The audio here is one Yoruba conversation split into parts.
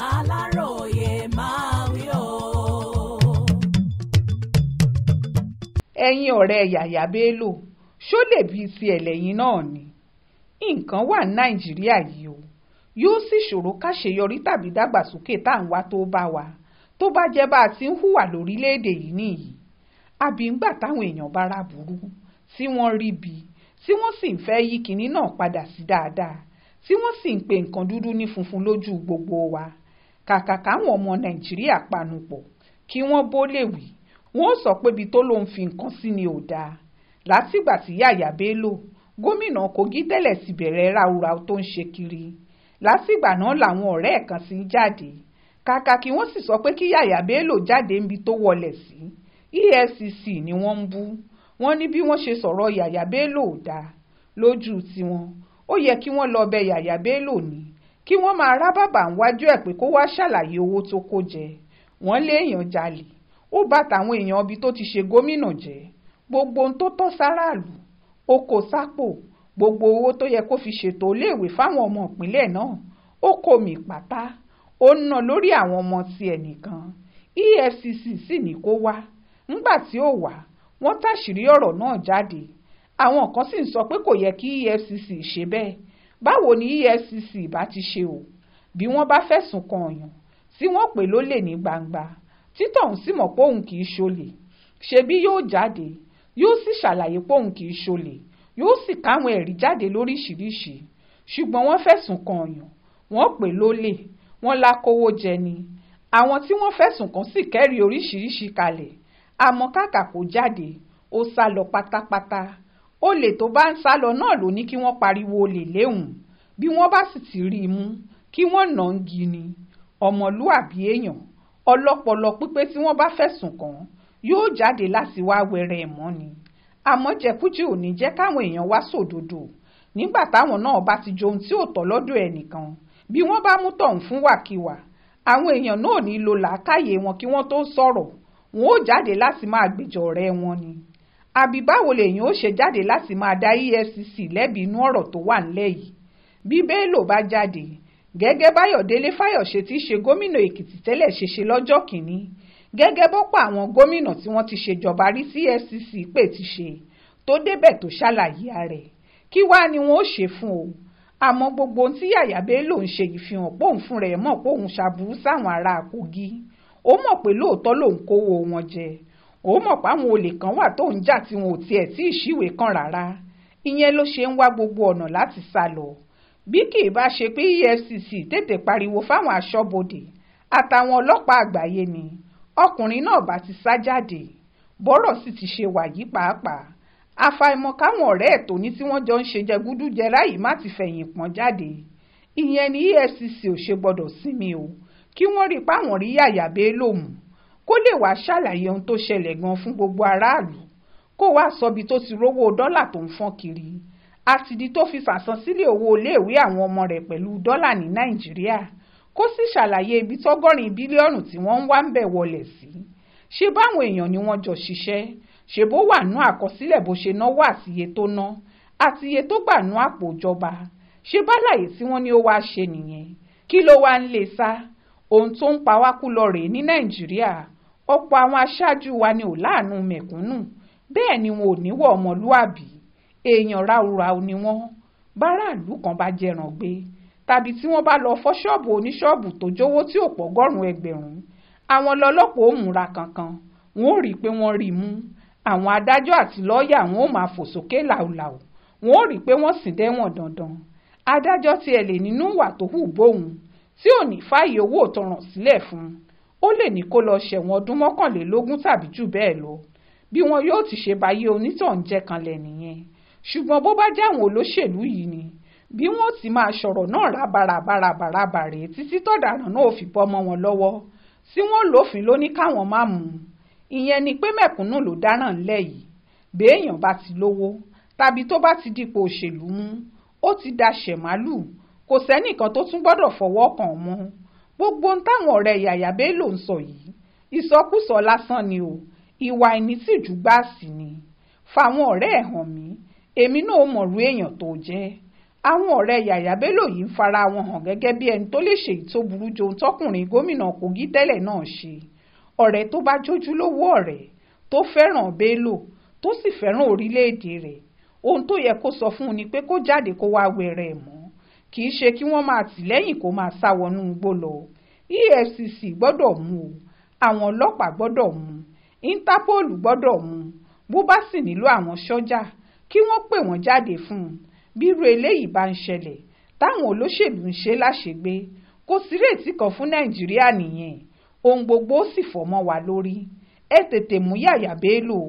aláròye máa wí o. ẹ̀yin ọ̀rẹ́ yàyà bello ṣó lè bíi ti ẹ̀lẹ́yìn náà ni nǹkan wà ní nàìjíríà yìí o yóò sì ṣòro káṣeyọrí tàbí dàgbàsókè tá à ń wá tó bá wa tó bá jẹ́ bá a ti ń hùwà lórílẹ̀ yìí nìyí àbí ńgbà táwọn èèyàn bá ra burú tí wọ́n rí bi tí wọ́n sì ń fẹ́ yí kinní náà padà sí dáadáa tí wọ́n sì ń pe nǹkan dúdú ní funfun lójú gbogbo wa kàkà káwọn ọmọ nàìjíríà panupọ̀ kí wọ́n bó lè wí wọ́n sọ pé ibi tó lóun fi nǹkan sí ni ò dáa látìgbà tí yàyà bello gómìnà kogi tẹ́lẹ̀ sì bẹ̀rẹ̀ ráúráú tó ń ṣe kiri látìgbà náà làwọn ọ̀rẹ́ ẹ̀ kan sì ń jáde kàkà kí wọ́n sì sọ pé kí yàyà bello jáde níbi tó wọlẹ̀ sí efcc ni wọ́n ń bú wọ́n ní bí wọ́n ṣe sọ̀rọ̀ yàyà bello ò dáa lójú tiwọn ó yẹ kí wọ́n lọ bẹ yàyà bello ni kí wọ́n máa rábàbà níwájú ẹ̀ pé kó wá ṣàlàyé owó tó kó jẹ wọ́n léèyàn jalè ó bà tàwọn èèyàn ibi tó ti ṣe gómìnà jẹ́ gbogbo ohun tó tọ́ sáràlú ó kó sápò gbogbo owó tó yẹ kó fi ṣètò iléèwé fáwọn ọmọ ìpínlẹ̀ náà ó kó mi pátá ó ń ná lórí àwọn ọmọ tiẹ̀ nìkan EFCC sì ní kó wá ńgbà tí ó wá wọ́n táṣìírí ọ̀rọ̀ náà jáde àwọn kan sì ń sọ pé kò yẹ kí EFCC ṣe bẹ́ẹ̀ báwo ni EFCC bá ti ṣe o bí wọ́n bá fẹ̀sùn kan ọ̀yàn tí wọ́n pè lólè ní gbangba títọ̀hún sì mọ̀ pé òun kì í ṣolè ṣebí yóò jáde yóò sì ṣàlàyé pé òun kì í ṣolè yóò sì káwọn ẹ̀rí jáde lóríṣìíríṣìí ṣùgbọ́n wọ́n fẹ̀sùn kan ọ̀yàn wọ́n pè lólè wọ́n lákówó jẹ ni àwọn tí wọ́n fẹ̀sùn kàn sì kẹ́rìí oríṣìíríṣìí kalẹ̀ àmọ́ kàkà kó jáde ó sá lọ pátápátá olè tó bá ń sá lọ náà ló ní kí wọ́n pariwo olè léhùn bí wọ́n bá sì ti rí i mú kí wọ́n nà án gini ọmọlúàbí èèyàn ọlọ́pọlọ pípé tí wọ́n bá fẹ̀sùn kàn yóò jáde láti wá wẹ̀rẹ̀ ẹ̀mọ́ ni àmọ́ jẹkújẹ ò ní jẹ́ káwọn èèyàn wá sòdodo nígbà táwọn náà bá ti johun tí ò tọ́ lọ́dọ̀ ẹnìkan bí wọ́n bá mú tọ̀hún fún wàkiwà àwọn èèyàn náà ní lo làákàyè wọn kí wọ́n tó sọ̀rọ̀ wọn ò jáde láti máa gbèjọ ọ̀rẹ́ wọn ni àbí báwo lèyìn ó ṣe jáde láti máa dá EFCC lẹ́bi inú ọ̀rọ̀ tó wà ńlẹ̀ yìí bí Bello bá jáde gẹ́gẹ́ Báyọ̀délé Fáyọ̀ṣe tí í ṣe gómìnà Èkìtì tẹ́lẹ̀ ṣe ṣe lọ́jọ́ kìíní gẹ́gẹ́ bọ́pọ̀ àwọn gómìnà tí wọ́n ti ṣèjọba rí sí EFCC pé ti ṣe tó débẹ̀ tó ṣàlàyé rẹ̀ kí wàá ni wọ́n ó ṣe fún o àmọ́ gbogbo ohun tí Yàyà Bello ń ṣe ìfihàn póun fún rẹ̀ mọ̀ póun ṣàbùrú sáwọn ará Kogi ó mọ̀ pé lóòótọ́ lòun kówó wọn jẹ ó mọ̀ páwọn olè kan wà tó ń jà tí wọn ò tiẹ̀ tí ì kan rárá ìyẹn ló ṣe ń wá gbogbo ọ̀nà láti sá lọ bí kì í bá ṣe pé EFCC tètè pariwo fáwọn aṣọ́bodè àtàwọn ọlọ́pàá àgbáyé ni ọkùnrin náà bá ti sá jáde bọ́rọ̀ sì ti ṣe wàyí pàápàá àfàìmọ̀ káwọn ọ̀rẹ́ ẹ̀ tó ní tí wọ́n jọ ń ṣe jẹgúdújẹrá yìí má ti fẹ̀yìn pọ́n jáde ìyẹn ni EFCC ò ṣe gbọ́dọ̀ sinmi o kí wọ́n rí páwọn rí yàyà bẹ́ẹ̀ lòmù kó lè wàá ṣàlàyé ohun tó ṣẹlẹ̀ gan fún gbogbo aráàlú kó wàá sọbi tó ti rówó dọ́là tó ń fọ́n kiri àtìdí tó fi fàsansílẹ̀ owó iléèwé àwọn ọmọ rẹ̀ pẹ̀lú dọ́là ní nàìjíríà kó sì ṣàlàyé ibi tọ́gọ́rin bílíọ̀nù tí wọ́n ń wá ń bẹ̀ wọlẹ̀ sí ṣe báwọn èèyàn ni wọ́n jọ ṣiṣẹ́ ṣe bó wà nú àkọsílẹ̀ bó ṣe náwó àtiye tó ná àtiye tó gbà nú àpò ìjọba ṣe bálàyé tí wọ́n ní ó wáá ṣe nìyẹn kí ló wá ń lè sá ohun tó ń pa wákú lọ rèé ní nàìjíríà ọ̀pọ̀ àwọn aṣáájú wa ni ò láàánú mẹ̀kúnnù bẹ́ẹ̀ ni wọn ò níwọ̀ ọmọlúàbí èèyàn ráúráú ni wọ́n báráàlú kan bá jẹran gbé tàbí tí wọ́n bá lọ fọ́ ṣọ́ọ̀bù oníṣọ́ọ̀bù tó jówó tí ò pọ̀ gọ́rùn-ún ẹgbẹ̀rún àwọn lọ́lọ́pọ̀ ò múra kankan wọn ò rí i pé wọ́n rí i mú àwọn adájọ́ àti lọ́ọ̀yà wọn ò máa fò sókè làwùlàwù wọn ò rí i pé wọ́n sì dẹ́wọ̀n dandan adájọ́ tiẹ̀ lè nínú ìwà tó hù bóun tí ò ní fààyè owó òtọ̀ràn sílẹ̀ fún un ó lè ní kó lọ ṣẹ̀wọ̀n ọdún mọ́kànlélógún tàbí jù bẹ́ẹ̀ lọ bí wọn yóò ti ṣe báyé onítàn jẹ́ kanlẹ̀ nìyẹn ṣùgbọ́n bó bá jẹ́ àwọn olóṣèlú yìí ni bí wọ́n ti máa sọ̀rọ̀ náà rábaràbaràbaràbà rèé títí tọ̀daràn náà ò fi bọ́ mọ́ wọn lọ́wọ́ tí wọ́n lófin ló ní káwọn má mú un ìyẹn ni pé mẹ̀kúnnù ló dáràn ńlẹ̀ yìí béèyàn bá ti lówó tàbí tó bá ti dipò òṣèlú mú ó ti daṣẹ̀ màálù kò sẹ́nìkan tó tún gbọ́dọ̀ fọwọ́ kàn mọ́ gbogbo ohun táwọn ọ̀rẹ́ Yàyà Bello ń sọ yìí ìsọkúsọ lásán ni o ìwà ìnítìjú gbáàsì ni fáwọn ọ̀rẹ́ ẹ̀ hàn mí èmi náà mọ̀rú èèyàn tó jẹ́ àwọn ọ̀rẹ́ Yàyà Bello yìí ń fara wọn hàn gẹ́gẹ́ bí ẹni tó lè ṣe èyí tó burú jo tọkùnrin gómìnà Kogi tẹ́lẹ̀ náà ṣe ọ̀rẹ́ tó bá jójú lówó ọ̀rẹ́ tó fẹ́ràn Bello tó sì fẹ́ràn orílẹ̀-èdè rẹ̀ ohun tó yẹ kó sọ fún un ni pé kó jáde kó wá wẹ̀rẹ̀ mọ́ kì í ṣe kí wọ́n máa tì lẹ́yìn kó máa sá wọnú igbó lọ EFCC gbọ́dọ̀ mú o àwọn ọlọ́pàá gbọ́dọ̀ mú Interpol gbọ́dọ̀ mú bó bá sì nílò àwọn sọ́jà kí wọ́n pè wọ́n jáde fún un bírú eléyìí bá ń ṣẹlẹ̀ táwọn olóṣèlú ń ṣe láṣegbé kò sírètí kan fún Nàìjíríà nìyẹn ohun gbogbo sì fọ́ mọ́ wa lórí ẹ tètè mú Yàyà Bello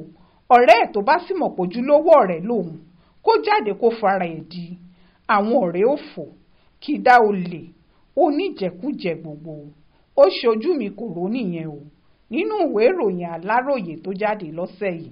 ọ̀rẹ́ ẹ̀ tó bá sì mọ̀ pójú lówó ọ̀rẹ́ lòun kó jáde kó fara ẹ̀ di àwọn ọ̀rẹ́ òfò kìdá olè oníjẹkújẹ gbogbo ó ṣojú mi kò rò nìyẹn o nínú ìwé ìròyìn aláròye tó jáde lọ́sẹ̀ yìí